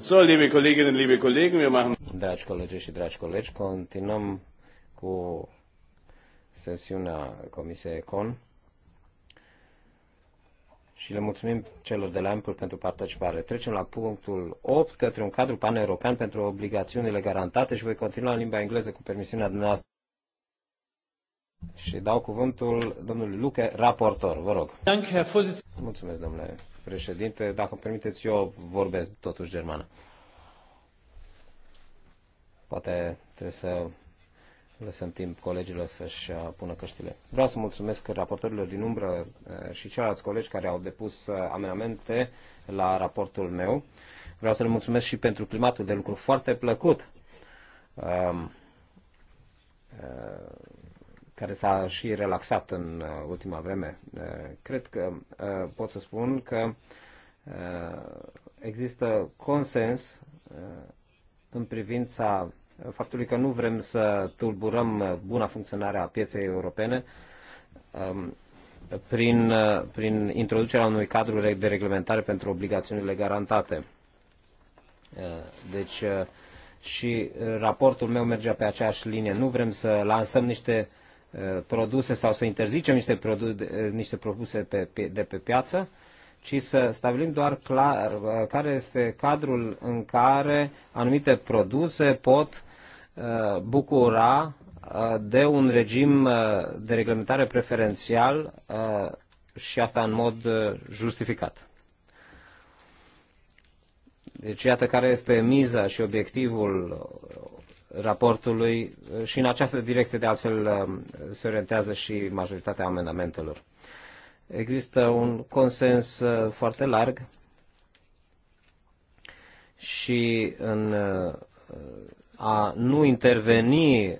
So, liebe Kolleginnen, liebe Kollegen, wir machen... Dragi colegi și dragi colegi, continuăm cu sesiunea Comisiei Econ și le mulțumim celor de la Ampul pentru participare. Trecem la punctul 8, către un cadru pan-european pentru obligațiunile garantate și voi continua în limba engleză cu permisiunea dumneavoastră. Și dau cuvântul domnului Luke, raportor. Vă rog. Mulțumesc, domnule președinte. Dacă îmi permiteți, eu vorbesc totuși germană. Poate trebuie să lăsăm timp colegilor să-și pună căștile. Vreau să mulțumesc raportorilor din umbră și ceilalți colegi care au depus amenamente la raportul meu. Vreau să le mulțumesc și pentru climatul de lucru foarte plăcut care s-a și relaxat în uh, ultima vreme. Uh, cred că uh, pot să spun că există consens în privința faptului că nu vrem să tulburăm buna funcționare a pieței europene um, prin, prin introducerea unui cadru de reglementare pentru obligațiunile garantate. Deci și raportul meu merge pe aceeași linie. Nu vrem să lansăm niște uh, Uh, produse sau să interzicem niște, produ- uh, niște produse pe, pe, de pe piață, ci să stabilim doar clar, uh, care este cadrul în care anumite produse pot bucura de un regim de reglementare preferențial și asta în mod justificat. Deci iată care este miza și obiectivul raportului și în această direcție de altfel se orientează și majoritatea amendamentelor. Există un consens uh, foarte larg și în uh, a nu interveni uh,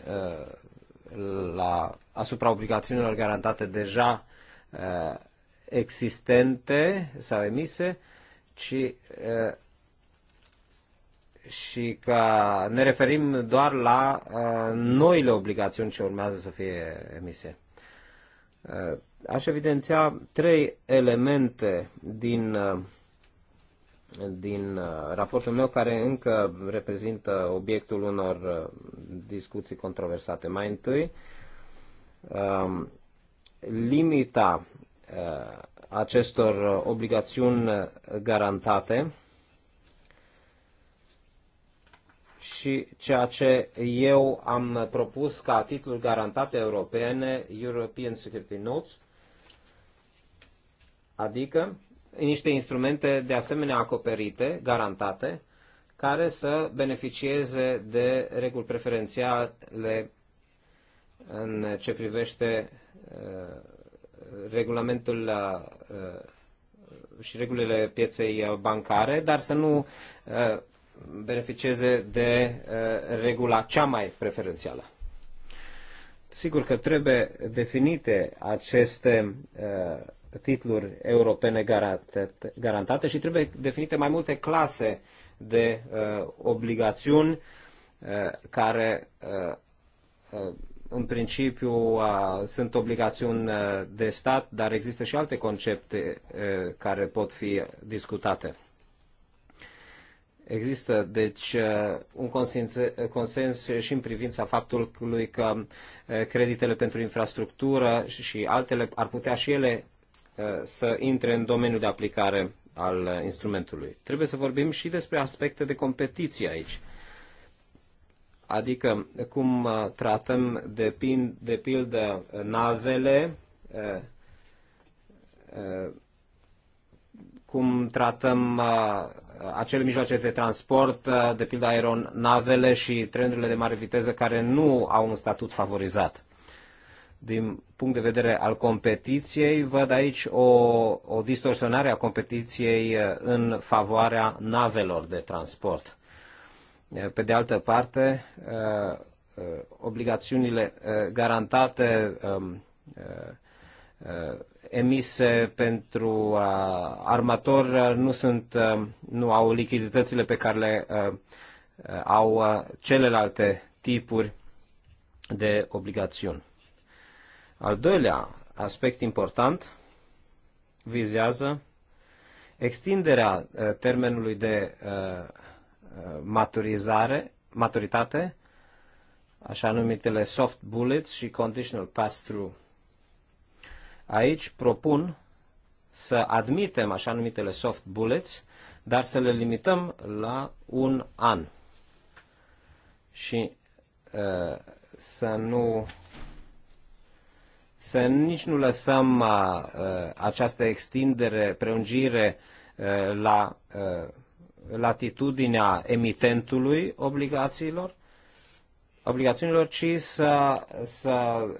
la, asupra obligațiunilor garantate deja existente sau emise, ci și că ne referim doar la uh, noile obligațiuni ce urmează să fie emise. Uh, aș evidenția trei elemente din, uh, din uh, raportul meu care încă reprezintă obiectul unor uh, discuții controversate. Mai întâi, uh, limita uh, acestor uh, obligațiuni garantate uh, și ceea ce eu am propus ca titlul garantate europene, European Security Notes, adică niște instrumente de asemenea acoperite, garantate, care să beneficieze de reguli preferențiale în ce privește uh, regulamentul uh, și regulile pieței bancare, dar să nu uh, beneficieze de uh, regula cea mai preferențială. Sigur că trebuie definite aceste uh, titluri europene garantate și trebuie definite mai multe clase de uh, obligațiuni care în principiu sunt obligațiuni de stat, dar există și alte concepte care pot fi discutate. Există, deci, uh, un consens, uh, consens și în privința faptului că uh, creditele pentru infrastructură și altele ar putea și ele să intre în domeniul de aplicare al instrumentului. Trebuie să vorbim și despre aspecte de competiție aici. Adică cum tratăm de, pin, de pildă navele, cum tratăm acele mijloace de transport, uh, de pildă aeronavele și trenurile de mare viteză care nu au un statut favorizat. Din punct de vedere al competiției, văd aici o, o distorsionare a competiției uh, în favoarea navelor de transport. Uh, pe de altă parte, obligațiunile garantate um, emise pentru uh, armator uh, nu, sunt, uh, nu au lichiditățile pe care le au celelalte tipuri de obligațiuni. Al doilea aspect important vizează extinderea termenului de maturizare, maturitate, așa numitele soft bullets și conditional pass-through Aici propun să admitem așa numitele soft bullets, dar să le limităm la un an. Și să nu să nici nu lăsăm această extindere, prelungire la latitudinea emitentului obligațiilor, obligațiunilor, ci să, să uh,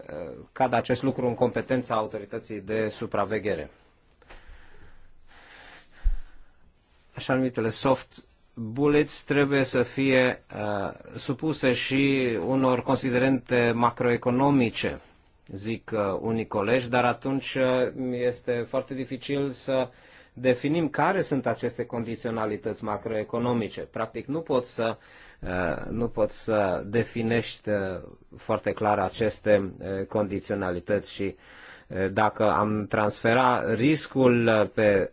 cadă acest lucru în competența autorității de supraveghere. Așa numitele soft bullets trebuie să fie uh, supuse și unor considerente macroeconomice, zic uh, unii colegi, dar atunci uh, este foarte dificil să definim care sunt aceste condiționalități macroeconomice. Practic nu poți să, uh, nu poți să definești uh, foarte clar aceste uh, condiționalități și dacă am transfera riscul pe,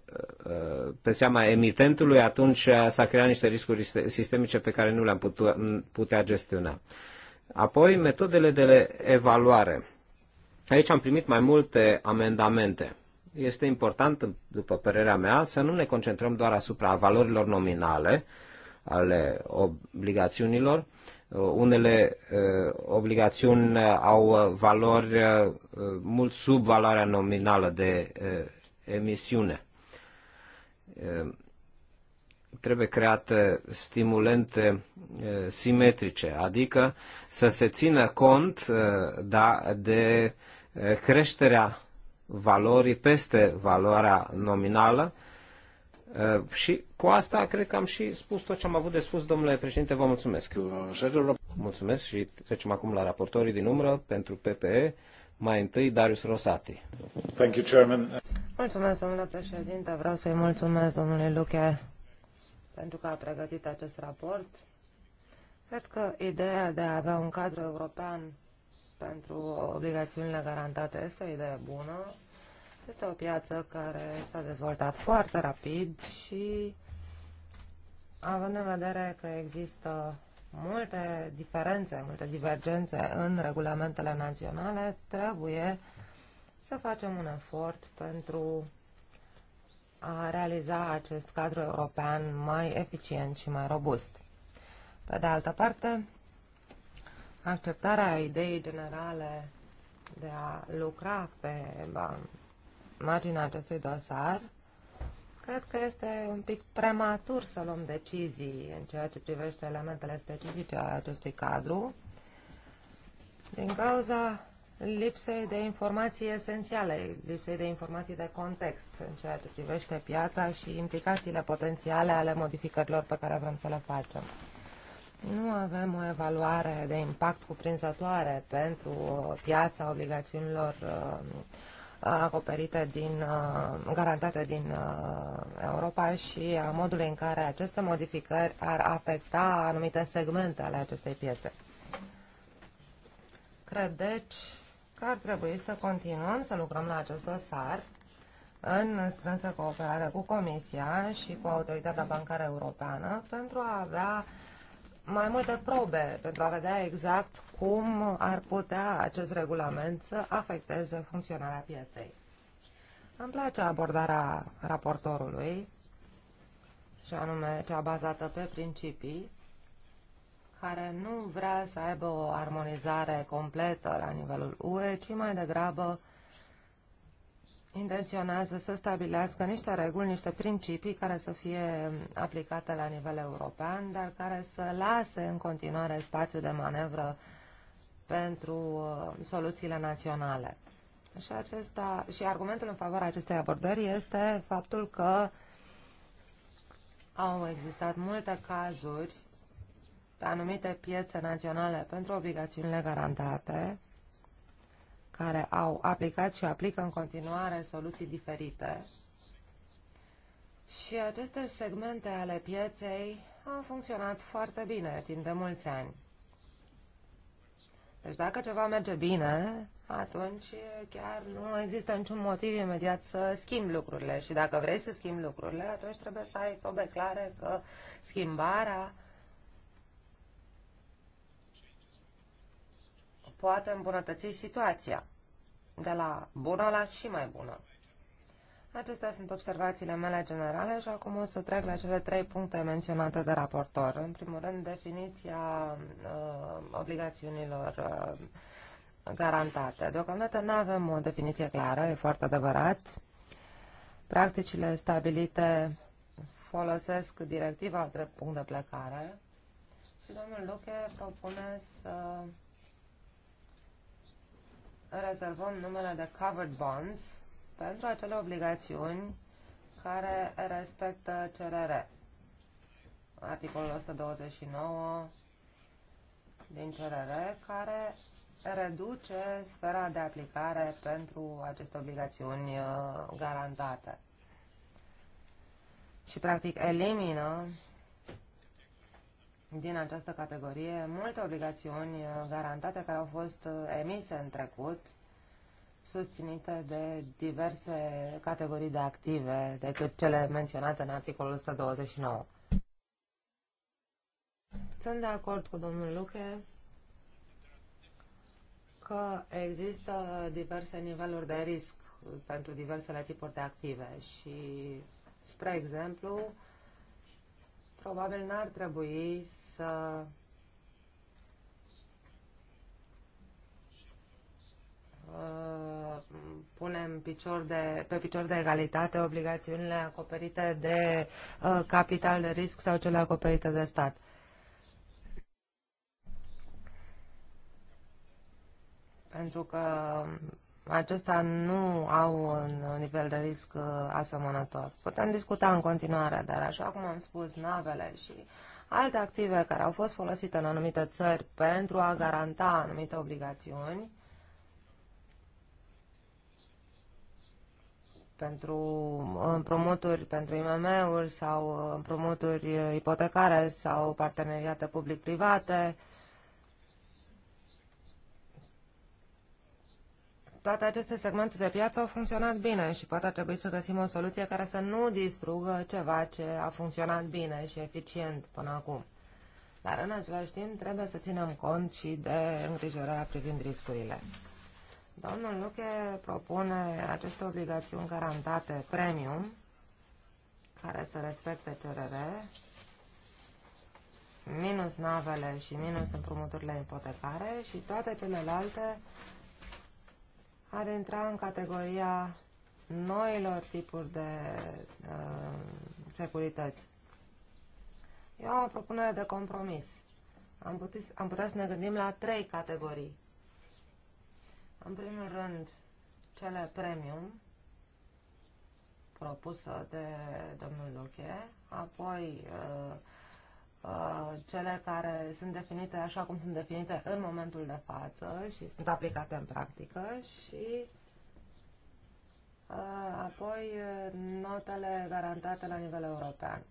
pe seama emitentului, atunci s a creat niște riscuri sistemice pe care nu le-am putea gestiona. Apoi, metodele de evaluare. Aici am primit mai multe amendamente este important, după părerea mea, să nu ne concentrăm doar asupra valorilor nominale ale obligațiunilor. Unele obligațiuni au valori mult sub valoarea nominală de emisiune trebuie create stimulente simetrice, adică să se țină cont da, de creșterea valorii peste valoarea nominală. Uh, și cu asta cred că am și spus tot ce am avut de spus, domnule președinte, vă mulțumesc. Mulțumesc și trecem acum la raportorii din umbră pentru PPE. Mai întâi, Darius Rosati. Thank you, Chairman. Mulțumesc, domnule președinte. Vreau să-i mulțumesc domnului Luche pentru că a pregătit acest raport. Cred că ideea de a avea un cadru european pentru obligațiunile garantate este o idee bună. Este o piață care s-a dezvoltat foarte rapid și având în vedere că există multe diferențe, multe divergențe în regulamentele naționale, trebuie să facem un efort pentru a realiza acest cadru european mai eficient și mai robust. Pe de altă parte, acceptarea ideii generale de a lucra pe marginea acestui dosar, cred că este un pic prematur să luăm decizii în ceea ce privește elementele specifice ale acestui cadru, din cauza lipsei de informații esențiale, lipsei de informații de context în ceea ce privește piața și implicațiile potențiale ale modificărilor pe care vrem să le facem. Nu avem o evaluare de impact cuprinzătoare pentru uh, piața obligațiunilor uh, acoperite din, uh, garantate din Europa și a modului în care aceste modificări ar afecta anumite segmente ale acestei piețe. Cred, deci, că ar trebui să continuăm să lucrăm la acest dosar în strânsă cooperare cu Comisia și cu Autoritatea Bancară Europeană pentru a avea mai multe probe pentru a vedea exact cum ar putea acest regulament să afecteze funcționarea pieței. Îmi place abordarea raportorului, și anume cea bazată pe principii, care nu vrea să aibă o armonizare completă la nivelul UE, ci mai degrabă intenționează să stabilească niște reguli, niște principii care să fie aplicate la nivel european, dar care să lase în continuare spațiu de manevră pentru uh, soluțiile naționale. Și, acesta, și argumentul în favoarea acestei abordări este faptul că au existat multe cazuri pe anumite piețe naționale pentru obligațiunile garantate, care au aplicat și aplică în continuare soluții diferite. Și aceste segmente ale pieței au funcționat foarte bine timp de mulți ani. Deci dacă ceva merge bine, atunci chiar nu există niciun motiv imediat să schimbi lucrurile. Și dacă vrei să schimbi lucrurile, atunci trebuie să ai probe clare că schimbarea poate îmbunătăți situația, de la bună la și mai bună. Acestea sunt observațiile mele generale și acum o să trec la cele trei puncte menționate de raportor. În primul rând, definiția uh, obligațiunilor uh, garantate. Deocamdată nu avem o definiție clară, e foarte adevărat. Practicile stabilite folosesc directiva drept punct de plecare și domnul Luche propune să rezervăm numele de covered bonds pentru acele obligațiuni care respectă CRR. Articolul 129 din CRR care reduce sfera de aplicare pentru aceste obligațiuni uh, garantate și practic elimină din această categorie multe obligațiuni uh, garantate care au fost uh, emise în trecut, susținute de diverse categorii de active decât cele menționate în articolul 129. Sunt de acord cu domnul Luche că există diverse niveluri de risc pentru diversele tipuri de active și, spre exemplu, probabil n-ar trebui să uh, punem picior de, pe picior de egalitate obligațiunile acoperite de uh, capital de risc sau cele acoperite de stat. Pentru că acestea nu au un nivel de risc uh, asemănător. Putem discuta în continuare, dar așa cum am spus, navele și alte active care au fost folosite în anumite țări pentru a garanta anumite obligațiuni, pentru uh, împrumuturi pentru IMM-uri sau uh, împrumuturi ipotecare sau parteneriate public-private, uh, toate aceste segmente de piață au funcționat bine și poate ar trebui să găsim o soluție care să nu distrugă ceva ce a funcționat bine și eficient până acum. Dar în același timp trebuie să ținem cont și de îngrijorarea privind riscurile. Domnul Luche propune aceste obligațiuni garantate premium, care să respecte CRR, minus navele și minus împrumuturile ipotecare și toate celelalte ar intra în categoria noilor tipuri de uh, securități. Eu am o propunere de compromis. Am, putis, am putea să ne gândim la trei categorii. În primul rând, cele premium, propusă de domnul Luche, apoi uh, Uh, cele care sunt definite așa cum sunt definite în momentul de față și sunt aplicate în practică și uh, apoi uh, notele garantate la nivel european.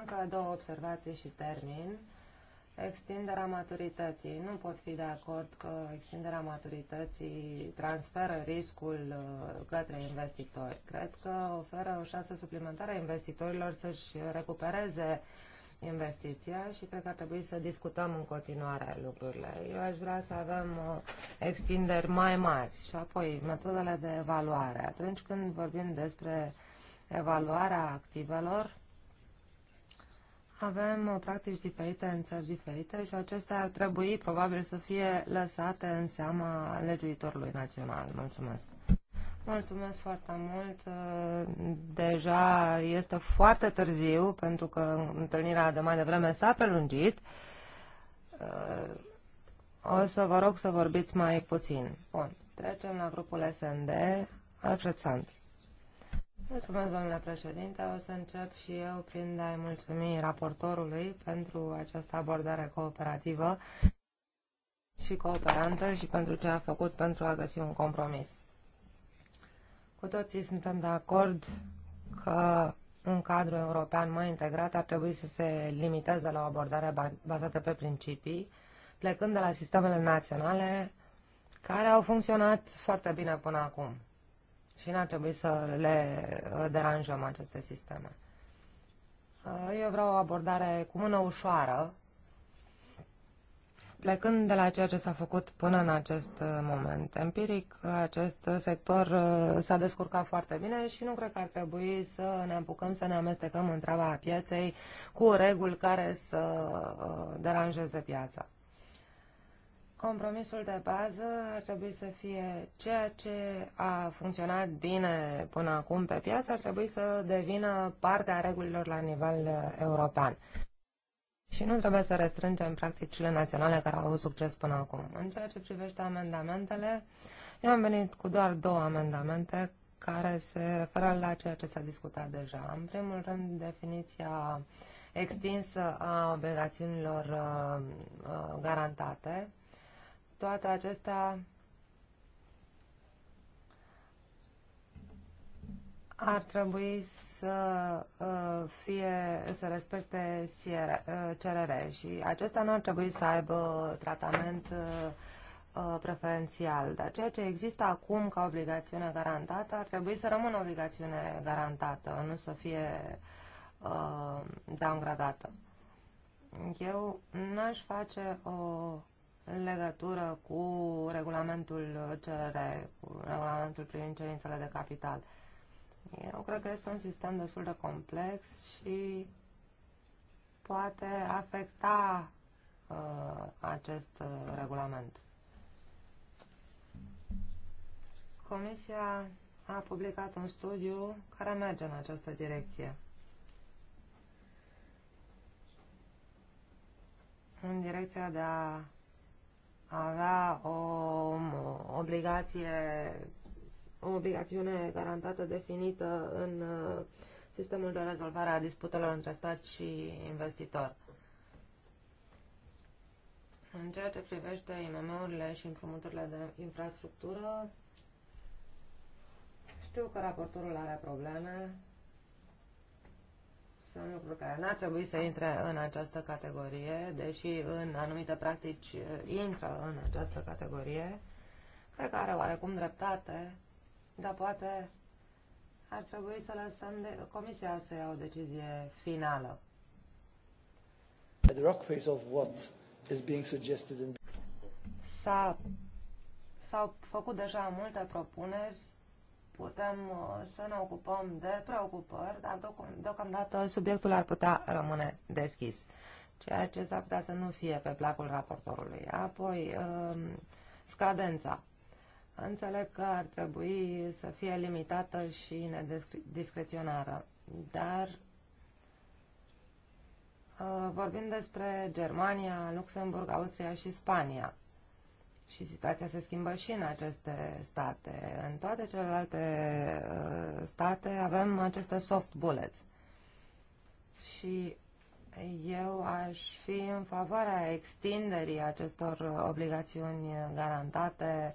Încă două observații și termin. Extinderea maturității. Nu pot fi de acord că extinderea maturității transferă riscul către investitori. Cred că oferă o șansă suplimentară investitorilor să-și recupereze uh, investiția și cred că ar trebui să discutăm în continuare lucrurile. Eu aș vrea să avem uh, extinderi mai mari și apoi metodele de evaluare. Atunci când vorbim despre evaluarea activelor, avem uh, practici diferite în țări diferite și acestea ar trebui probabil să fie lăsate în seama legiuitorului național. Mulțumesc! Mulțumesc foarte mult. Deja este foarte târziu pentru că întâlnirea de mai devreme s-a prelungit. O să vă rog să vorbiți mai puțin. Bun. Trecem la grupul SND. Alfred Sand. Mulțumesc, domnule președinte. O să încep și eu prin a-i mulțumi raportorului pentru această abordare cooperativă și cooperantă și pentru ce a făcut pentru a găsi un compromis. Cu toții suntem de acord că un cadru european mai integrat ar trebui să se limiteze la o abordare bazată pe principii, plecând de la sistemele naționale care au funcționat foarte bine până acum și n-ar trebui să le uh, deranjăm aceste sisteme. Uh, eu vreau o abordare cu mână ușoară Plecând de la ceea ce s-a făcut până în acest uh, moment empiric, acest sector uh, s-a descurcat foarte bine și nu cred că ar trebui să ne apucăm să ne amestecăm în treaba pieței cu reguli care să uh, deranjeze piața. Compromisul de bază ar trebui să fie ceea ce a funcționat bine până acum pe piață, ar trebui să devină parte a regulilor la nivel european și nu trebuie să restrângem practicile naționale care au avut succes până acum. În ceea ce privește amendamentele, eu am venit cu doar două amendamente care se referă la ceea ce s-a discutat deja. În primul rând, definiția extinsă a obligațiunilor uh, uh, garantate. Toate acestea ar trebui să uh, fie să respecte CRR uh, și acesta nu ar trebui să aibă tratament uh, preferențial, dar ceea ce există acum ca obligațiune garantată ar trebui să rămână obligațiune garantată, nu să fie downgradată. Eu n-aș face o legătură cu regulamentul CRR, cu regulamentul privind cerințele de capital. Uh, eu cred că este un sistem destul de complex și poate afecta uh, acest uh, regulament. Comisia a publicat un studiu care merge în această direcție. În direcția de a avea o obligație o obligațiune garantată definită în uh, sistemul de rezolvare a disputelor între stat și investitor. În ceea ce privește IMM-urile și împrumuturile de infrastructură, știu că raportorul are probleme. Sunt lucruri care n-ar trebui să intre în această categorie, deși în anumite practici intră în această categorie. Cred că are oarecum dreptate dar poate ar trebui să lăsăm de, comisia să ia o decizie finală. The rock face of what is being suggested in... S-a, s-au făcut deja multe propuneri, putem uh, să ne ocupăm de preocupări, dar deocamdată subiectul ar putea rămâne deschis, ceea ce s-ar putea să nu fie pe placul raportorului. Apoi, um, scadența. Înțeleg că ar trebui să fie limitată și nediscreționară, dar uh, vorbim despre Germania, Luxemburg, Austria și Spania. Și situația se schimbă și în aceste state. În toate celelalte uh, state avem aceste soft bullets. Și eu aș fi în favoarea extinderii acestor uh, obligațiuni garantate uh,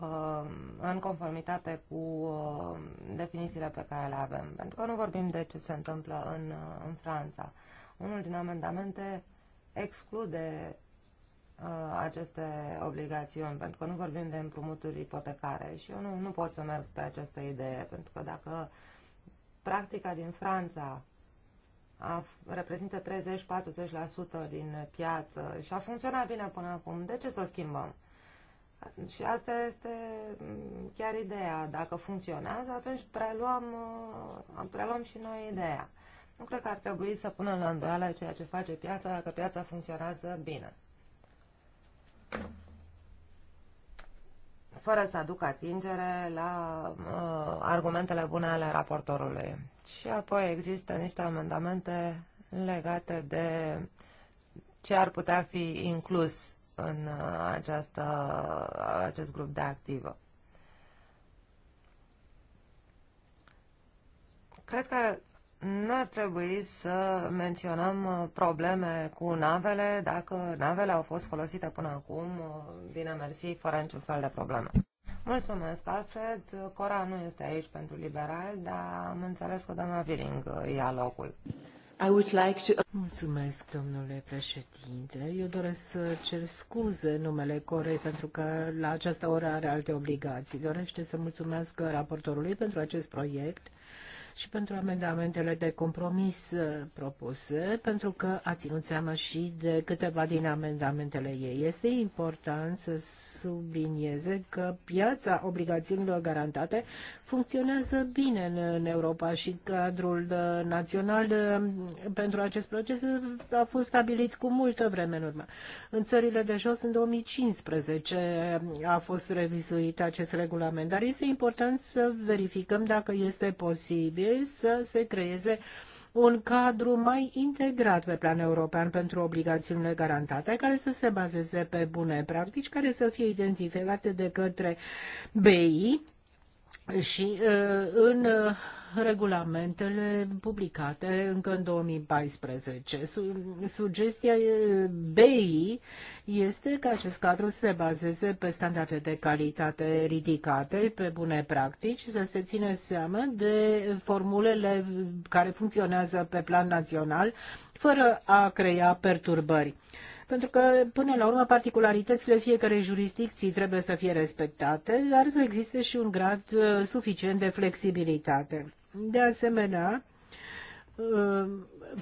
Uh, în conformitate cu uh, definițiile pe care le avem. Pentru că nu vorbim de ce se întâmplă în, uh, în Franța. Unul din amendamente exclude aceste obligațiuni, pentru că nu vorbim de împrumuturi ipotecare și eu nu, nu pot să merg pe această idee, pentru că dacă practica din Franța a, reprezintă 30-40% din piață și a funcționat bine până acum, de ce să o schimbăm? Și asta este mm, chiar ideea. Dacă funcționează, atunci preluăm, uh, preluăm și noi ideea. Nu cred că ar trebui să punem la îndoială ceea ce face piața, dacă piața funcționează bine. Fără să aduc atingere la uh, argumentele bune ale raportorului. Și apoi există niște amendamente legate de ce ar putea fi inclus în uh, această, uh, acest grup de activă. Cred că nu ar trebui să menționăm uh, probleme cu navele dacă navele au fost folosite până acum, bine mersi, fără niciun fel de probleme. Mulțumesc, Alfred. Cora nu este aici pentru liberal, dar am înțeles că doamna Viring ia locul. Mulțumesc, domnule președinte. Eu doresc să cer scuze numele Corei pentru că la această oră are alte obligații. Dorește să mulțumesc raportorului pentru acest proiect și pentru amendamentele de compromis uh, propuse, pentru că a ținut seama și de câteva din amendamentele ei. Este important să sublinieze că piața obligațiunilor garantate funcționează bine în Europa și cadrul uh, național uh, pentru acest proces a fost stabilit cu multă vreme în urmă. În țările de jos, în 2015, a fost revizuit acest regulament, dar este important să verificăm dacă este posibil trebuie să se creeze un cadru mai integrat pe plan european pentru obligațiunile garantate, care să se bazeze pe bune practici, care să fie identificate de către BI și uh, în uh, regulamentele publicate încă în 2014. Sugestia BEI este că acest cadru să se bazeze pe standarde de calitate ridicate, pe bune practici, să se țină seama de formulele care funcționează pe plan național, fără a crea perturbări pentru că, până la urmă, particularitățile fiecarei jurisdicții trebuie să fie respectate, dar să existe și un grad uh, suficient de flexibilitate. De asemenea, uh,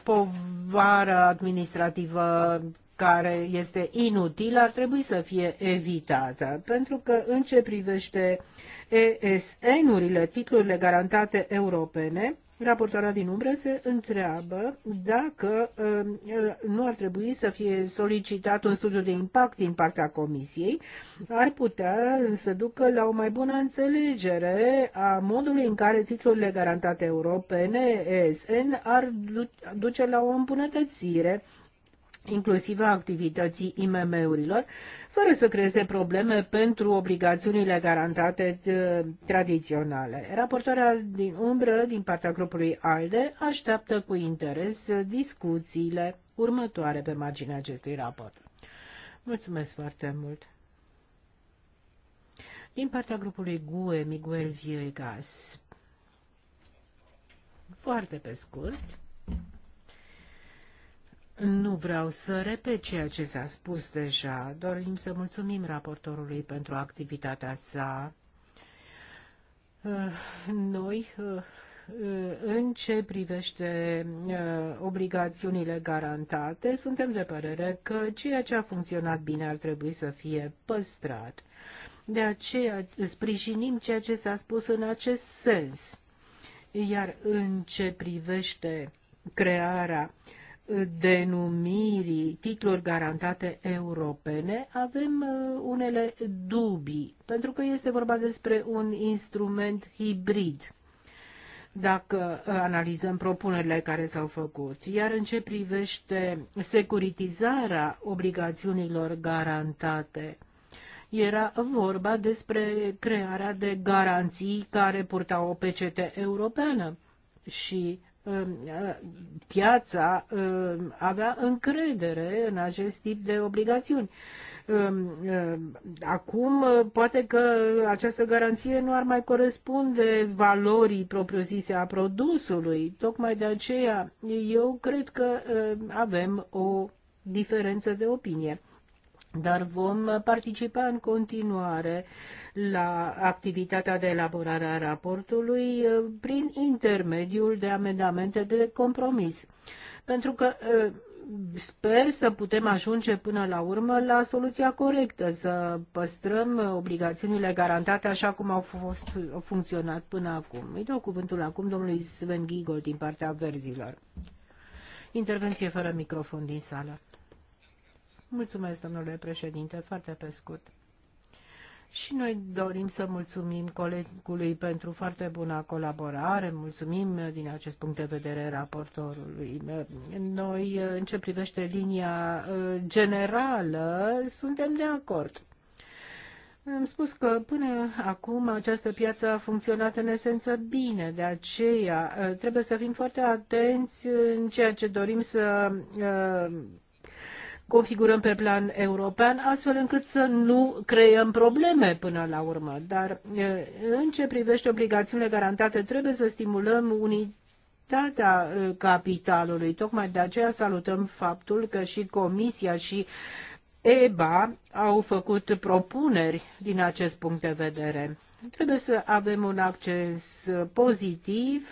povara administrativă care este inutilă ar trebui să fie evitată, pentru că în ce privește ESN-urile, titlurile garantate europene, raportoarea din umbră se întreabă dacă um, nu ar trebui să fie solicitat un studiu de impact din partea Comisiei, ar putea să ducă la o mai bună înțelegere a modului în care titlurile garantate europene, ESN, ar duce la o îmbunătățire inclusiv a activității IMM-urilor fără să creeze probleme pentru obligațiunile garantate uh, tradiționale. Raportoarea din umbră din partea grupului ALDE așteaptă cu interes uh, discuțiile următoare pe marginea acestui raport. Mulțumesc foarte mult! Din partea grupului GUE, Miguel Viegas. Foarte pe scurt. Nu vreau să repet ceea ce s-a spus deja. Dorim să mulțumim raportorului pentru activitatea sa. Uh, noi, uh, uh, în ce privește obligațiunile garantate, suntem de părere că ceea ce a funcționat bine ar trebui să fie păstrat. De aceea sprijinim ceea ce s-a spus în acest sens. Iar în ce privește crearea uh, denumirii titluri garantate europene, avem uh, unele dubii, pentru că este vorba despre un instrument hibrid dacă uh, analizăm propunerile care s-au făcut. Iar în ce privește securitizarea obligațiunilor garantate, era vorba despre crearea de garanții care purtau o pecete europeană și piața avea încredere în acest tip de obligațiuni. Acum, poate că această garanție nu ar mai corespunde valorii propriu-zise a produsului. Tocmai de aceea, eu cred că avem o diferență de opinie dar vom participa în continuare la activitatea de elaborare a raportului uh, prin intermediul de amendamente de compromis. Pentru că uh, sper să putem ajunge până la urmă la soluția corectă, să păstrăm obligațiunile garantate așa cum au fost au funcționat până acum. Îi dau cuvântul acum domnului Sven Gigol din partea verzilor. Intervenție fără microfon din sală. Mulțumesc, domnule președinte, foarte pe scurt. Și noi dorim să mulțumim colegului pentru foarte bună colaborare, mulțumim din acest punct de vedere raportorului. Noi, în ce privește linia uh, generală, suntem de acord. Am spus că până acum această piață a funcționat în esență bine, de aceea uh, trebuie să fim foarte atenți în ceea ce dorim să uh, configurăm pe plan european, astfel încât să nu creăm probleme până la urmă. Dar în ce privește obligațiunile garantate, trebuie să stimulăm unitatea capitalului. Tocmai de aceea salutăm faptul că și Comisia și EBA au făcut propuneri din acest punct de vedere. Trebuie să avem un acces pozitiv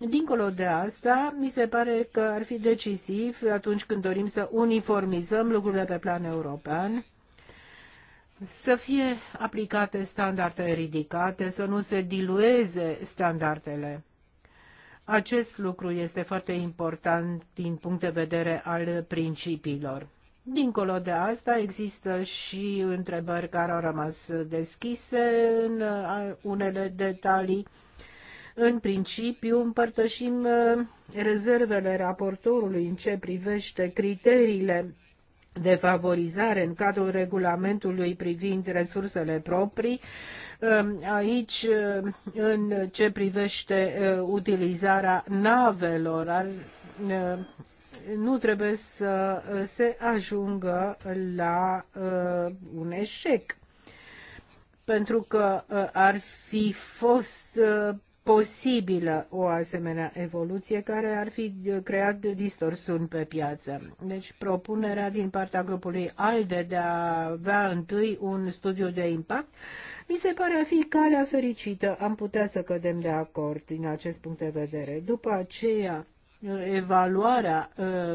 Dincolo de asta, mi se pare că ar fi decisiv atunci când dorim să uniformizăm lucrurile pe plan european, să fie aplicate standarde ridicate, să nu se dilueze standardele. Acest lucru este foarte important din punct de vedere al principiilor. Dincolo de asta, există și întrebări care au rămas deschise în unele detalii în principiu, împărtășim uh, rezervele raportorului în ce privește criteriile de favorizare în cadrul regulamentului privind resursele proprii. Um, aici, uh, în ce privește uh, utilizarea navelor, nu trebuie să se ajungă la un eșec pentru că ar fi fost posibilă o asemenea evoluție care ar fi creat distorsiuni pe piață. Deci propunerea din partea grupului ALDE de a avea întâi un studiu de impact mi se pare a fi calea fericită. Am putea să cădem de acord din acest punct de vedere. După aceea, evaluarea uh,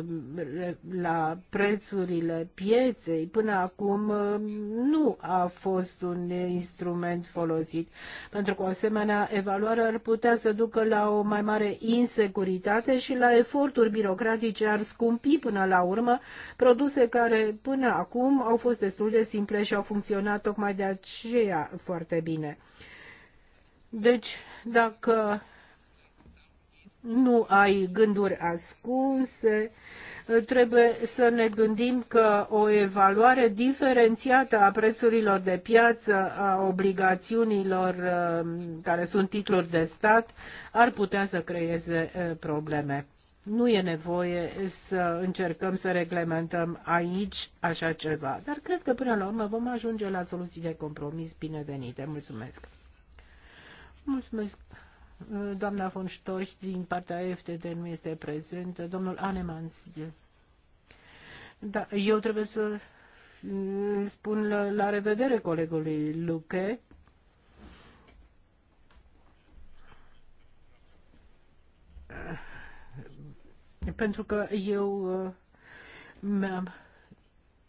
la prețurile pieței până acum uh, nu a fost un instrument folosit, pentru că o asemenea evaluare ar putea să ducă la o mai mare insecuritate și la eforturi birocratice ar scumpi până la urmă produse care până acum au fost destul de simple și au funcționat tocmai de aceea foarte bine. Deci, dacă nu ai gânduri ascunse, trebuie să ne gândim că o evaluare diferențiată a prețurilor de piață, a obligațiunilor uh, care sunt titluri de stat, ar putea să creeze uh, probleme. Nu e nevoie să încercăm să reglementăm aici așa ceva, dar cred că până la urmă vom ajunge la soluții de compromis binevenite. Mulțumesc! Mulțumesc! Doamna von Storch din partea FTD nu este prezentă. Domnul Anemans. Da, eu trebuie să spun la, la revedere colegului Luke, Pentru că eu uh, mi-am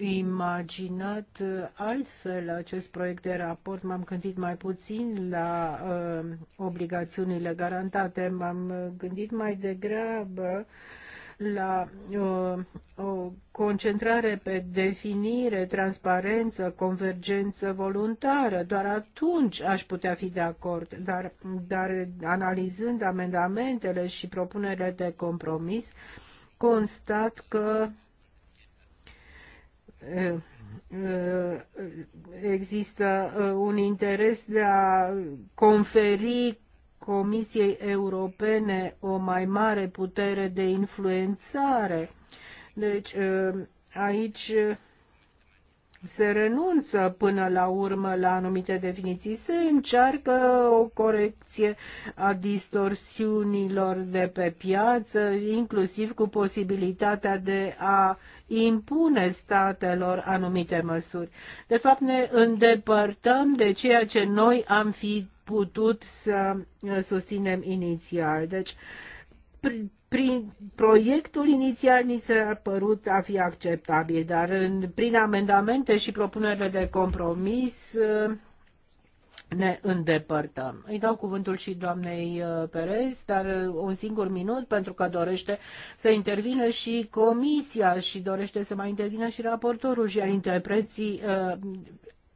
imaginat uh, altfel acest proiect de raport, m-am gândit mai puțin la uh, obligațiunile garantate, m-am uh, gândit mai degrabă la uh, o concentrare pe definire, transparență, convergență voluntară. Doar atunci aș putea fi de acord, dar, dar analizând amendamentele și propunerile de compromis, constat că uh, Eh, eh, există eh, un interes de a conferi Comisiei Europene o mai mare putere de influențare. Deci aici se renunță până la urmă la anumite definiții, se încearcă o corecție a distorsiunilor de pe piață, inclusiv cu posibilitatea de a impune statelor anumite măsuri. De fapt, ne îndepărtăm de ceea ce noi am fi putut să susținem inițial. Deci, prin proiectul inițial ni s-a părut a fi acceptabil, dar în, prin amendamente și propunerile de compromis uh, ne îndepărtăm. Îi dau cuvântul și doamnei uh, Perez, dar uh, un singur minut, pentru că dorește să intervină și comisia și dorește să mai intervină și raportorul, și iar interpreții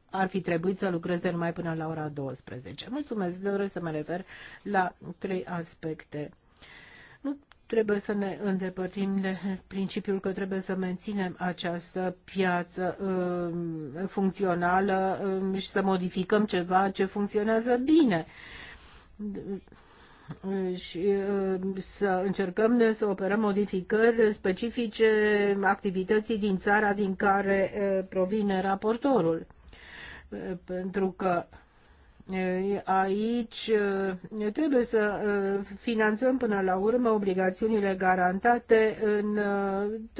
ar fi trebuit să lucreze numai până la ora 12. Mulțumesc, doresc să mă refer la trei aspecte trebuie să ne îndepărtim de principiul că trebuie să menținem această piață um, funcțională um, și să modificăm ceva ce funcționează bine și um, să încercăm să operăm modificări specifice activității din țara din care uh, provine raportorul. Pentru că Aici trebuie să finanțăm până la urmă obligațiunile garantate în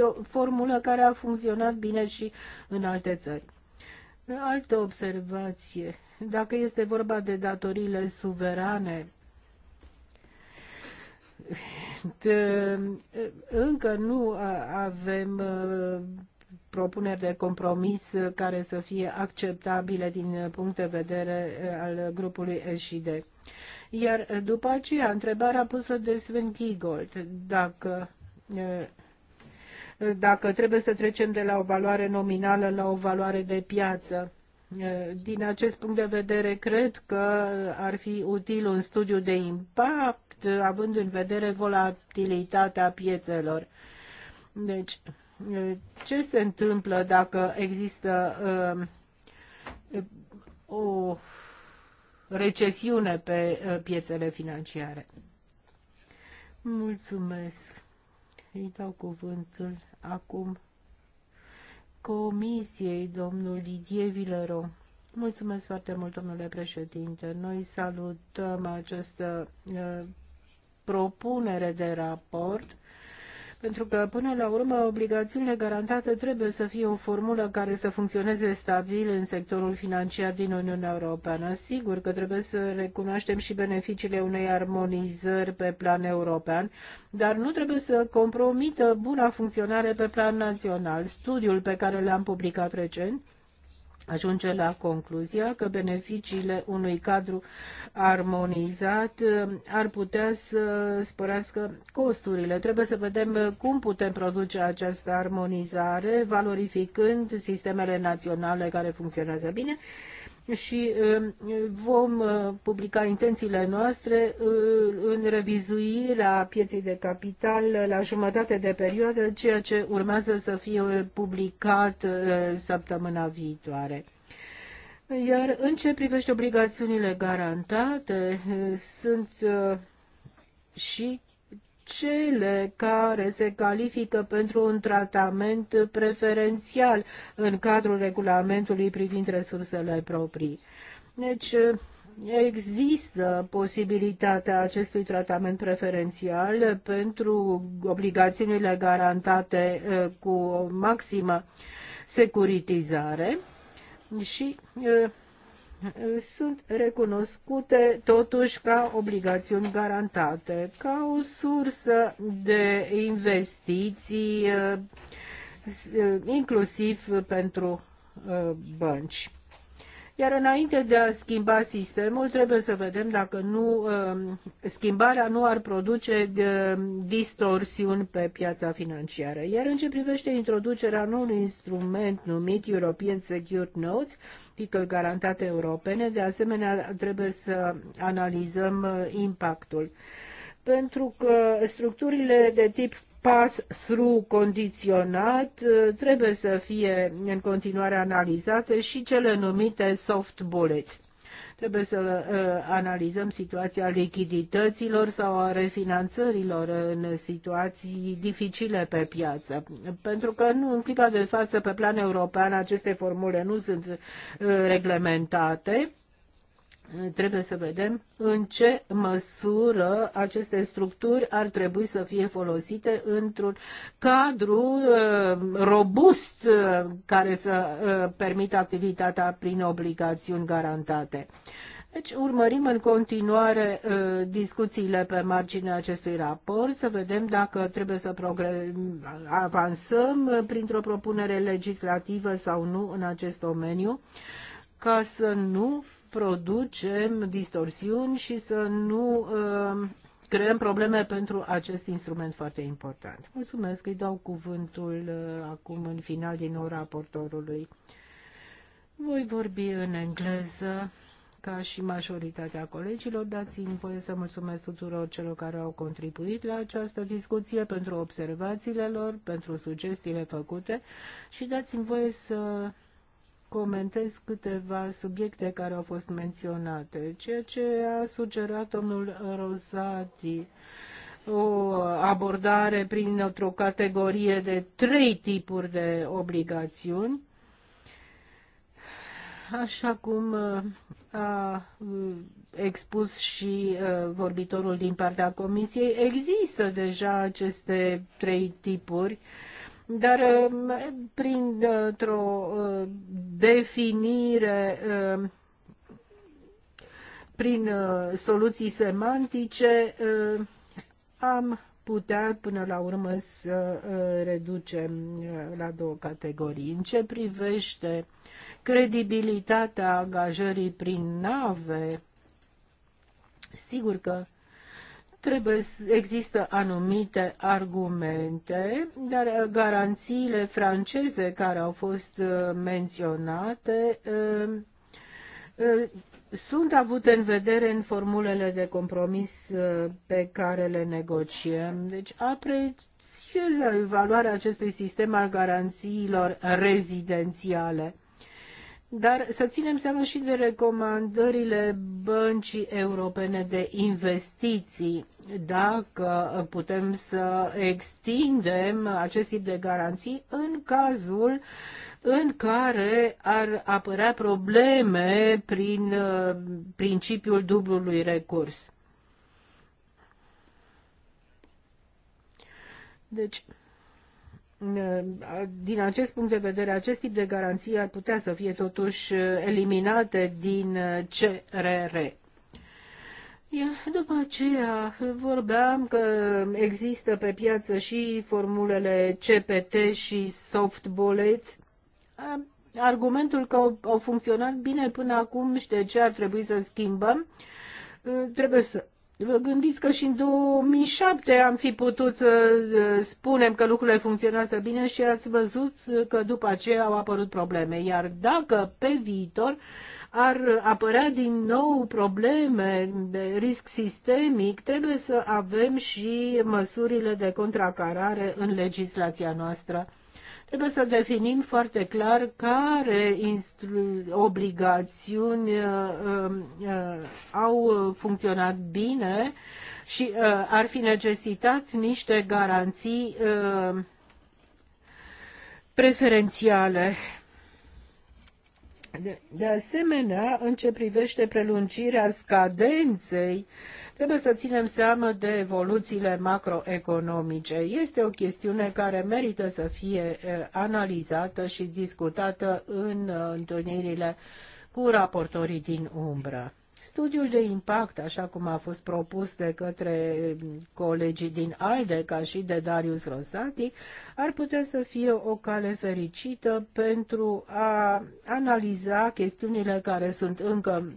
o formulă care a funcționat bine și în alte țări. Altă observație. Dacă este vorba de datoriile suverane, încă nu avem propuneri de compromis care să fie acceptabile din punct de vedere eh, al grupului SJD. Iar eh, după aceea, întrebarea pusă de Sven Giegold, dacă eh, dacă trebuie să trecem de la o valoare nominală la o valoare de piață. Din acest punct de vedere, cred că ar fi util un studiu de impact, având în vedere volatilitatea piețelor. Deci, ce se întâmplă dacă există um, o recesiune pe uh, piețele financiare. Mulțumesc. Îi dau cuvântul acum comisiei, domnul Lidie Vilero. Mulțumesc foarte mult, domnule președinte. Noi salutăm această uh, propunere de raport pentru că, până la urmă, obligațiunile garantate trebuie să fie o formulă care să funcționeze stabil în sectorul financiar din Uniunea Europeană. Sigur că trebuie să recunoaștem și beneficiile unei armonizări pe plan european, dar nu trebuie să compromită buna funcționare pe plan național. Studiul pe care l-am publicat recent ajunge la concluzia că beneficiile unui cadru armonizat uh, ar putea să spărească costurile. Trebuie să vedem cum putem produce această armonizare, valorificând sistemele naționale care funcționează bine și um, vom uh, publica intențiile noastre uh, în revizuirea pieței de capital la jumătate de perioadă, ceea ce urmează să fie publicat uh, săptămâna viitoare. Iar în ce privește obligațiunile garantate, sunt și cele care se califică pentru un tratament preferențial în cadrul regulamentului privind resursele proprii. Deci, există posibilitatea acestui tratament preferențial pentru obligațiunile garantate eh, cu maximă securitizare și eh, sunt recunoscute totuși ca obligațiuni garantate, ca o sursă de investiții, eh, inclusiv pentru eh, bănci. Iar înainte de a schimba sistemul, trebuie să vedem dacă nu, um, schimbarea nu ar produce um, distorsiuni pe piața financiară. Iar în ce privește introducerea unui instrument numit European Secured Notes, titlul garantate europene, de asemenea trebuie să analizăm uh, impactul pentru că structurile de tip pass-through condiționat trebuie să fie în continuare analizate și cele numite soft bullets. Trebuie să uh, analizăm situația lichidităților sau a refinanțărilor în situații dificile pe piață. Pentru că nu, în clipa de față, pe plan european, aceste formule nu sunt uh, reglementate trebuie să vedem în ce măsură aceste structuri ar trebui să fie folosite într-un cadru uh, robust uh, care să uh, permită activitatea prin obligațiuni garantate. Deci urmărim în continuare discuțiile pe marginea acestui raport, să vedem dacă trebuie să avansăm printr-o propunere legislativă sau nu în acest domeniu, ca să nu producem distorsiuni și să nu uh, creăm probleme pentru acest instrument foarte important. Mulțumesc, îi dau cuvântul uh, acum în final din nou raportorului. Voi vorbi în engleză ca și majoritatea colegilor, dați-mi voie să mulțumesc tuturor celor care au contribuit la această discuție, pentru observațiile lor, pentru sugestiile făcute și dați-mi voie să comentez câteva subiecte care au fost menționate. Ceea ce a sugerat domnul Rosati, o abordare prin o categorie de trei tipuri de obligațiuni, așa cum uh, a uh, expus și uh, vorbitorul din partea Comisiei, există deja aceste trei tipuri dar uh, printr-o uh, definire uh, prin soluții semantice am putea până la urmă să reducem la două categorii. În ce privește credibilitatea angajării prin nave, sigur că Trebuie să există anumite argumente, dar uh, garanțiile franceze care au fost uh, menționate uh, sunt avute în vedere în formulele de compromis pe care le negociem. Deci apreciez valoarea acestui sistem al garanțiilor rezidențiale dar să ținem seama și de recomandările Băncii Europene de Investiții, dacă putem să extindem acest tip de garanții în cazul în care ar apărea probleme prin uh, principiul dublului recurs. Deci, din acest punct de vedere, acest tip de garanții ar putea să fie totuși eliminate din CRR. După aceea vorbeam că există pe piață și formulele CPT și soft bullets. Argumentul că au funcționat bine până acum și de ce ar trebui să schimbăm, trebuie să Vă gândiți că și în 2007 am fi putut să eh, spunem că lucrurile funcționează bine și ați văzut că după aceea au apărut probleme. Iar dacă pe viitor ar apărea din nou probleme de risc sistemic, trebuie să avem și măsurile de contracarare în legislația noastră Trebuie să definim foarte clar care obligațiuni uh, um, uh, au funcționat bine și uh, ar fi necesitat niște garanții preferențiale de, de asemenea, în ce privește prelungirea scadenței, trebuie să ținem seama de evoluțiile macroeconomice. Este o chestiune care merită să fie analizată și discutată în uh, întâlnirile cu raportorii din umbră. Studiul de impact, așa cum a fost propus de către colegii din ALDE, ca și de Darius Rosati, ar putea să fie o cale fericită pentru a analiza chestiunile care sunt încă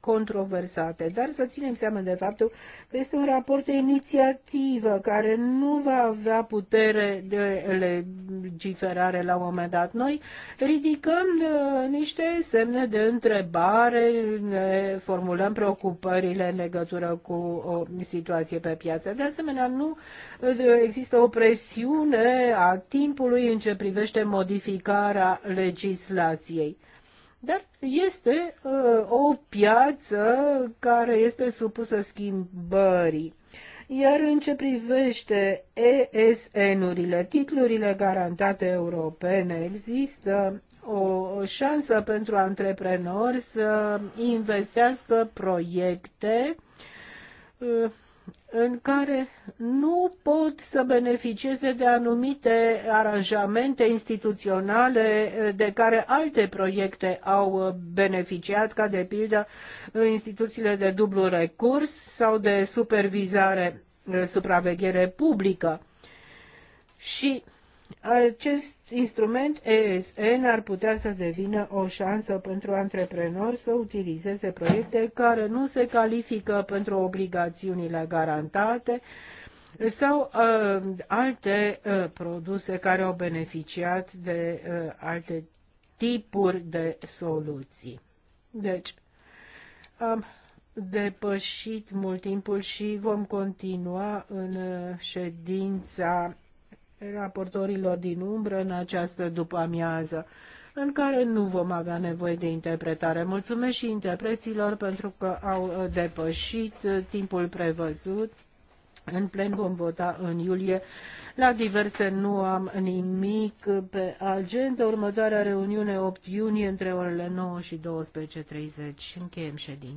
controversate, dar să ținem seama de faptul că este un raport de inițiativă care nu va avea putere de legiferare la un moment dat. Noi ridicăm uh, niște semne de întrebare, ne formulăm preocupările în legătură cu o situație pe piață. De asemenea, nu uh, există o presiune a timpului în ce privește modificarea legislației. Dar este uh, o piață care este supusă schimbării. Iar în ce privește ESN-urile, titlurile garantate europene, există o șansă pentru antreprenori să investească proiecte uh, în care nu pot să beneficieze de anumite aranjamente instituționale de care alte proiecte au beneficiat, ca de pildă instituțiile de dublu recurs sau de supervizare, supraveghere publică. Și acest instrument ESN ar putea să devină o șansă pentru antreprenori să utilizeze proiecte care nu se califică pentru obligațiunile garantate sau uh, alte uh, produse care au beneficiat de uh, alte tipuri de soluții. Deci, am depășit mult timpul și vom continua în uh, ședința raportorilor din umbră în această după-amiază, în care nu vom avea nevoie de interpretare. Mulțumesc și interpreților pentru că au depășit timpul prevăzut. În plen vom vota în iulie. La diverse nu am nimic pe agenda. Următoarea reuniune 8 iunie între orele 9 și 12.30. Încheiem ședința.